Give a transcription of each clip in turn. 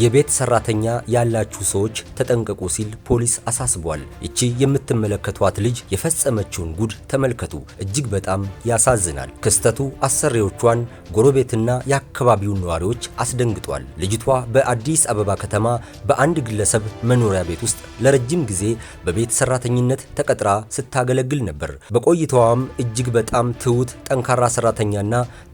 የቤት ሰራተኛ ያላችሁ ሰዎች ተጠንቀቁ ሲል ፖሊስ አሳስቧል። ይቺ የምትመለከቷት ልጅ የፈጸመችውን ጉድ ተመልከቱ። እጅግ በጣም ያሳዝናል። ክስተቱ አሰሪዎቿን፣ ጎረቤትና የአካባቢውን ነዋሪዎች አስደንግጧል። ልጅቷ በአዲስ አበባ ከተማ በአንድ ግለሰብ መኖሪያ ቤት ውስጥ ለረጅም ጊዜ በቤት ሰራተኝነት ተቀጥራ ስታገለግል ነበር። በቆይታዋም እጅግ በጣም ትሁት፣ ጠንካራ ሰራተኛና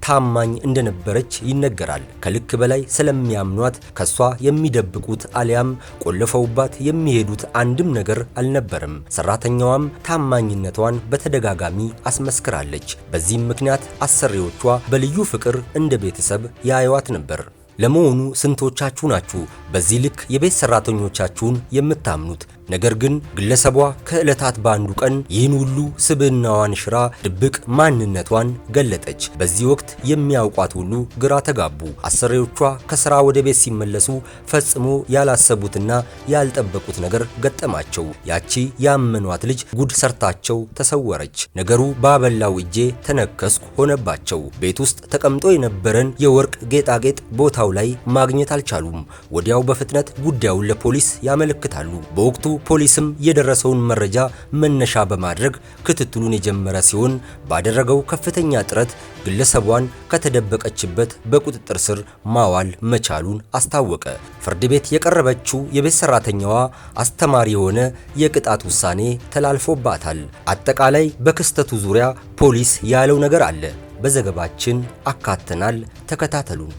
ታማኝ እንደነበረች ይነገራል። ከልክ በላይ ስለሚያምኗት ከሷ የሚደብቁት አሊያም ቆልፈውባት የሚሄዱት አንድም ነገር አልነበረም። ሰራተኛዋም ታማኝነቷን በተደጋጋሚ አስመስክራለች። በዚህም ምክንያት አሰሪዎቿ በልዩ ፍቅር እንደ ቤተሰብ ያዩዋት ነበር። ለመሆኑ ስንቶቻችሁ ናችሁ በዚህ ልክ የቤት ሰራተኞቻችሁን የምታምኑት? ነገር ግን ግለሰቧ ከዕለታት በአንዱ ቀን ይህን ሁሉ ስብዕናዋን ሽራ ድብቅ ማንነቷን ገለጠች። በዚህ ወቅት የሚያውቋት ሁሉ ግራ ተጋቡ። አሰሪዎቿ ከስራ ወደ ቤት ሲመለሱ ፈጽሞ ያላሰቡትና ያልጠበቁት ነገር ገጠማቸው። ያቺ ያመኗት ልጅ ጉድ ሰርታቸው ተሰወረች። ነገሩ ባበላው እጄ ተነከስኩ ሆነባቸው። ቤት ውስጥ ተቀምጦ የነበረን የወርቅ ጌጣጌጥ ቦታው ላይ ማግኘት አልቻሉም። ወዲያው በፍጥነት ጉዳዩን ለፖሊስ ያመለክታሉ። በወቅቱ ፖሊስም የደረሰውን መረጃ መነሻ በማድረግ ክትትሉን የጀመረ ሲሆን ባደረገው ከፍተኛ ጥረት ግለሰቧን ከተደበቀችበት በቁጥጥር ስር ማዋል መቻሉን አስታወቀ። ፍርድ ቤት የቀረበችው የቤት ሰራተኛዋ አስተማሪ የሆነ የቅጣት ውሳኔ ተላልፎባታል። አጠቃላይ በክስተቱ ዙሪያ ፖሊስ ያለው ነገር አለ፣ በዘገባችን አካተናል። ተከታተሉን።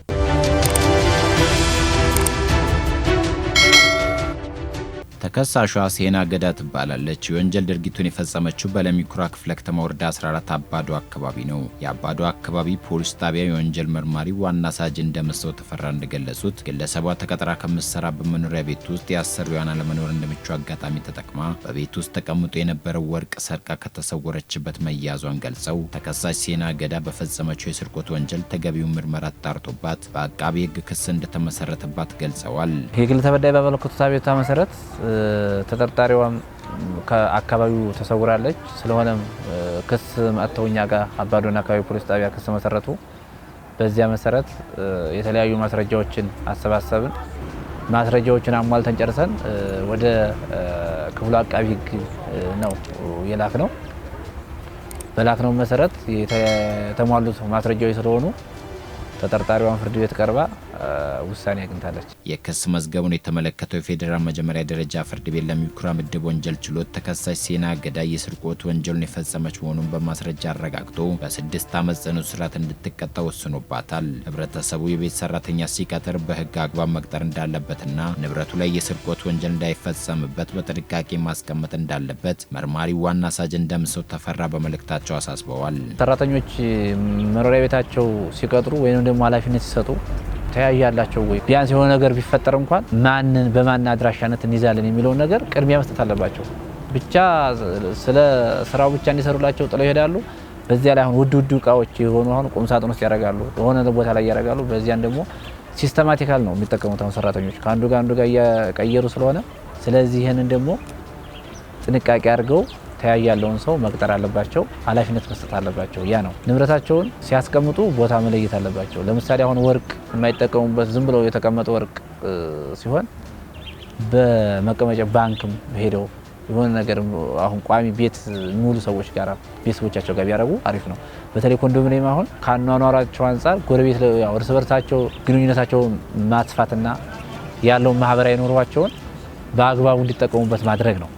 ተከሳሿ ሴና ገዳ ትባላለች። የወንጀል ድርጊቱን የፈጸመችው በለሚኩራ ክፍለ ከተማ ወረዳ 14 አባዶ አካባቢ ነው። የአባዶ አካባቢ ፖሊስ ጣቢያ የወንጀል መርማሪ ዋና ሳጅ እንደመሰው ተፈራ እንደገለጹት ግለሰቧ ተቀጥራ ከምትሰራ በመኖሪያ ቤት ውስጥ የአሰሪዋን አለመኖር እንደምቹ አጋጣሚ ተጠቅማ በቤት ውስጥ ተቀምጦ የነበረው ወርቅ ሰርቃ ከተሰወረችበት መያዟን ገልጸው ተከሳሽ ሴና ገዳ በፈጸመችው የስርቆት ወንጀል ተገቢውን ምርመራ ተጣርቶባት በአቃቢ ሕግ ክስ እንደተመሰረተባት ገልጸዋል። የግል ተበዳይ ባመለከቱት አቤቱታ መሰረት ተጠርጣሪዋም ከአካባቢው ተሰውራለች። ስለሆነም ክስ መጥተው እኛ ጋር አባዶና አካባቢ ፖሊስ ጣቢያ ክስ መሰረቱ። በዚያ መሰረት የተለያዩ ማስረጃዎችን አሰባሰብን። ማስረጃዎችን አሟልተን ጨርሰን ወደ ክፍሉ አቃቢ ሕግ ነው የላክ ነው በላክ ነው መሰረት የተሟሉት ማስረጃዎች ስለሆኑ ተጠርጣሪዋን ፍርድ ቤት ቀርባ ውሳኔ አግኝታለች። የክስ መዝገቡን የተመለከተው የፌዴራል መጀመሪያ ደረጃ ፍርድ ቤት ለሚኩራ ምድብ ወንጀል ችሎት ተከሳሽ ሴና አገዳ የስርቆት ወንጀሉን የፈጸመች መሆኑን በማስረጃ አረጋግጦ በስድስት ዓመት ጽኑ እስራት እንድትቀጣ ወስኖባታል። ህብረተሰቡ የቤት ሰራተኛ ሲቀጥር በህግ አግባብ መቅጠር እንዳለበትና ንብረቱ ላይ የስርቆት ወንጀል እንዳይፈጸምበት በጥንቃቄ ማስቀመጥ እንዳለበት መርማሪ ዋና ሳጅን ደምሰው ተፈራ በመልእክታቸው አሳስበዋል። ሰራተኞች መኖሪያ ቤታቸው ሲቀጥሩ ወይም ደግሞ ኃላፊነት ሲሰጡ ተያያላቸው ወይ ቢያንስ የሆነ ነገር ቢፈጠር እንኳን ማንን በማን አድራሻነት እንይዛለን የሚለውን ነገር ቅድሚያ መስጠት አለባቸው። ብቻ ስለ ስራው ብቻ እንዲሰሩላቸው ጥለው ይሄዳሉ። በዚያ ላይ አሁን ውድ ውድ እቃዎች የሆኑ አሁን ቁም ሳጥን ውስጥ ያደርጋሉ፣ የሆነ ቦታ ላይ ያደርጋሉ። በዚያን ደግሞ ሲስተማቲካል ነው የሚጠቀሙት አሁን ሰራተኞች ከአንዱ ጋር አንዱ ጋር እየቀየሩ ስለሆነ ስለዚህ ይህንን ደግሞ ጥንቃቄ አድርገው ተያይ ያለውን ሰው መቅጠር አለባቸው፣ ኃላፊነት መስጠት አለባቸው። ያ ነው ንብረታቸውን ሲያስቀምጡ ቦታ መለየት አለባቸው። ለምሳሌ አሁን ወርቅ የማይጠቀሙበት ዝም ብለው የተቀመጠ ወርቅ ሲሆን በመቀመጫ ባንክም ሄደው የሆነ ነገር አሁን ቋሚ ቤት ሙሉ ሰዎች ጋር ቤተሰቦቻቸው ጋር ቢያደርጉ አሪፍ ነው። በተለይ ኮንዶሚኒየም አሁን ከአኗኗራቸው አንጻር ጎረቤት እርስ በርሳቸው ግንኙነታቸውን ማስፋትና ያለውን ማህበራዊ ኑሯቸውን በአግባቡ እንዲጠቀሙበት ማድረግ ነው።